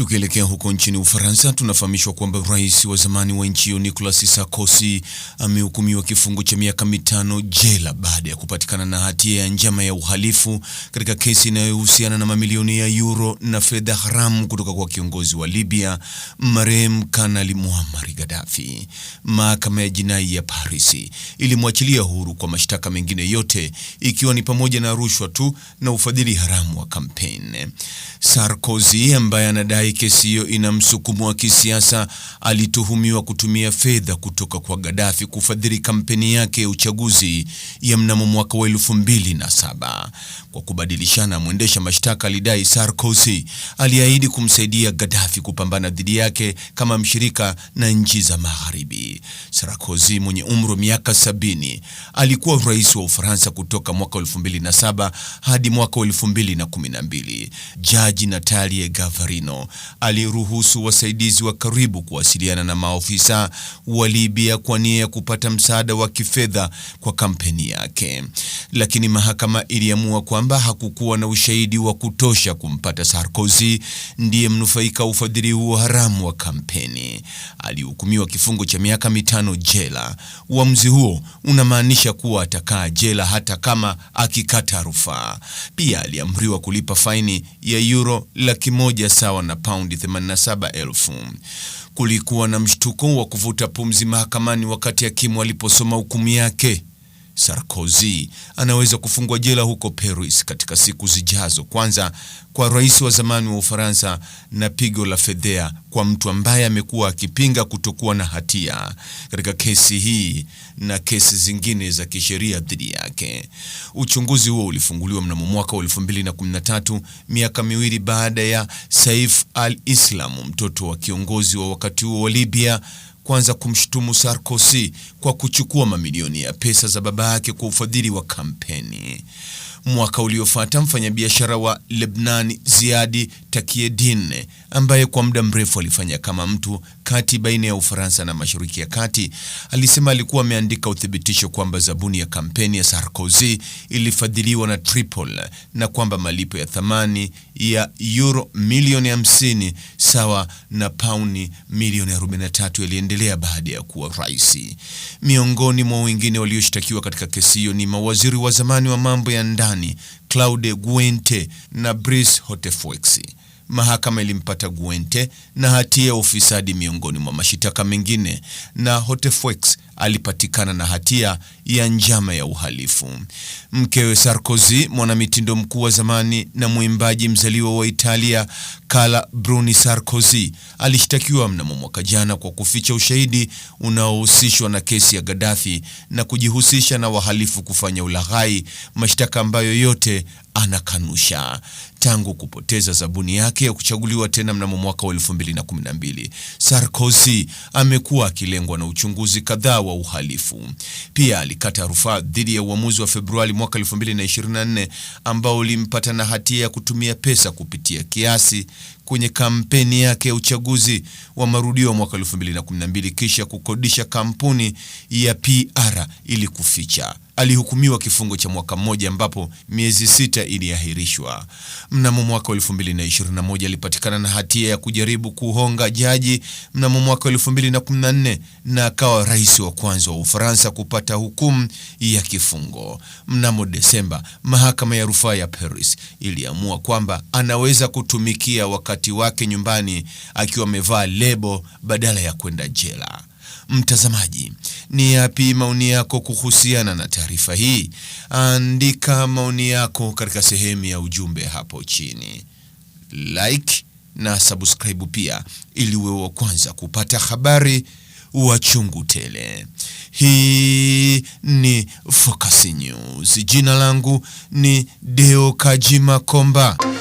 Tukielekea huko nchini Ufaransa, tunafahamishwa kwamba rais wa zamani wa nchi hiyo Nicolas Sarkozy amehukumiwa kifungo cha miaka mitano jela baada ya kupatikana na hatia ya njama ya uhalifu katika kesi inayohusiana na mamilioni ya euro na fedha haramu kutoka kwa kiongozi wa Libya marehemu Kanali Muammar Gaddafi. Mahakama ya jinai ya Paris ilimwachilia huru kwa mashtaka mengine yote ikiwa ni pamoja na rushwa tu na ufadhili haramu wa kampeni. Sarkozy ambaye anadai akidai kesi hiyo ina msukumo wa kisiasa, alituhumiwa kutumia fedha kutoka kwa Gaddafi kufadhili kampeni yake ya uchaguzi ya mnamo mwaka wa elfu mbili na saba. Kwa kubadilishana, mwendesha mashtaka alidai Sarkozy aliahidi kumsaidia Gaddafi kupambana dhidi yake kama mshirika na nchi za Magharibi. Sarkozy mwenye umri wa miaka sabini alikuwa rais wa Ufaransa kutoka mwaka saba hadi mwaka 2012. Jaji Natalie Gavarino aliruhusu wasaidizi wa karibu kuwasiliana na maofisa wa Libya kwa nia ya kupata msaada wa kifedha kwa kampeni yake, lakini mahakama iliamua kwamba hakukuwa na ushahidi wa kutosha kumpata Sarkozy ndiye mnufaika ufadhili huo haramu wa kampeni. Alihukumiwa kifungo cha miaka mitano jela. Uamuzi huo unamaanisha kuwa atakaa jela hata kama akikata rufaa. Pia aliamriwa kulipa faini ya euro laki moja sawa na paundi 87,000. Kulikuwa na mshtuko wa kuvuta pumzi mahakamani wakati hakimu aliposoma hukumu yake. Sarkozy anaweza kufungwa jela huko Paris katika siku zijazo, kwanza kwa rais wa zamani wa Ufaransa na pigo la fedhea kwa mtu ambaye amekuwa akipinga kutokuwa na hatia katika kesi hii na kesi zingine za kisheria dhidi yake. Uchunguzi huo ulifunguliwa mnamo mwaka wa 2013, miaka miwili baada ya Saif al-Islam, mtoto wa kiongozi wa wakati huo wa Libya kwanza kumshutumu Sarkozy kwa kuchukua mamilioni ya pesa za baba yake kwa ufadhili wa kampeni. Mwaka uliofuata mfanyabiashara wa Lebnan Ziadi takiedin ambaye kwa muda mrefu alifanya kama mtu kati baina ya Ufaransa na Mashariki ya Kati alisema alikuwa ameandika uthibitisho kwamba zabuni ya kampeni ya Sarkozy ilifadhiliwa na Tripoli na kwamba malipo ya thamani ya euro milioni 50 sawa na pauni milioni 43 yaliendelea baada ya kuwa rais. Miongoni mwa wengine walioshtakiwa katika kesi hiyo ni mawaziri wa zamani wa mambo ya ndani Marekani Claude Guente na Brice Hotefuex mahakama ilimpata Guente na hatia ya ufisadi miongoni mwa mashitaka mengine, na Hotefeux alipatikana na hatia ya njama ya uhalifu. Mkewe Sarkozy, mwanamitindo mkuu wa zamani na mwimbaji mzaliwa wa Italia Carla Bruni Sarkozy, alishtakiwa mnamo mwaka jana kwa kuficha ushahidi unaohusishwa na kesi ya Gaddafi na kujihusisha na wahalifu kufanya ulaghai, mashtaka ambayo yote anakanusha tangu kupoteza zabuni yake ya kuchaguliwa tena mnamo mwaka wa 2012. Sarkozy amekuwa akilengwa na uchunguzi kadhaa wa uhalifu. Pia alikata rufaa dhidi ya uamuzi wa Februari mwaka 2024 ambao ulimpata na hatia ya kutumia pesa kupitia kiasi kwenye kampeni yake ya uchaguzi wa marudio wa mwaka 2012 kisha kukodisha kampuni ya PR ili kuficha alihukumiwa kifungo cha mwaka mmoja ambapo miezi sita iliahirishwa. Mnamo mwaka 2021 alipatikana na hatia ya kujaribu kuhonga jaji mnamo mwaka 2014 na akawa rais wa kwanza wa Ufaransa kupata hukumu ya kifungo. Mnamo Desemba, mahakama ya rufaa ya Paris iliamua kwamba anaweza kutumikia wakati wake nyumbani akiwa amevaa lebo badala ya kwenda jela. Mtazamaji, ni yapi maoni yako kuhusiana na taarifa hii? Andika maoni yako katika sehemu ya ujumbe hapo chini, like na subscribe pia, ili uwe wa kwanza kupata habari wa chungu tele. Hii ni Focus News. Jina langu ni Deo Kajima Komba.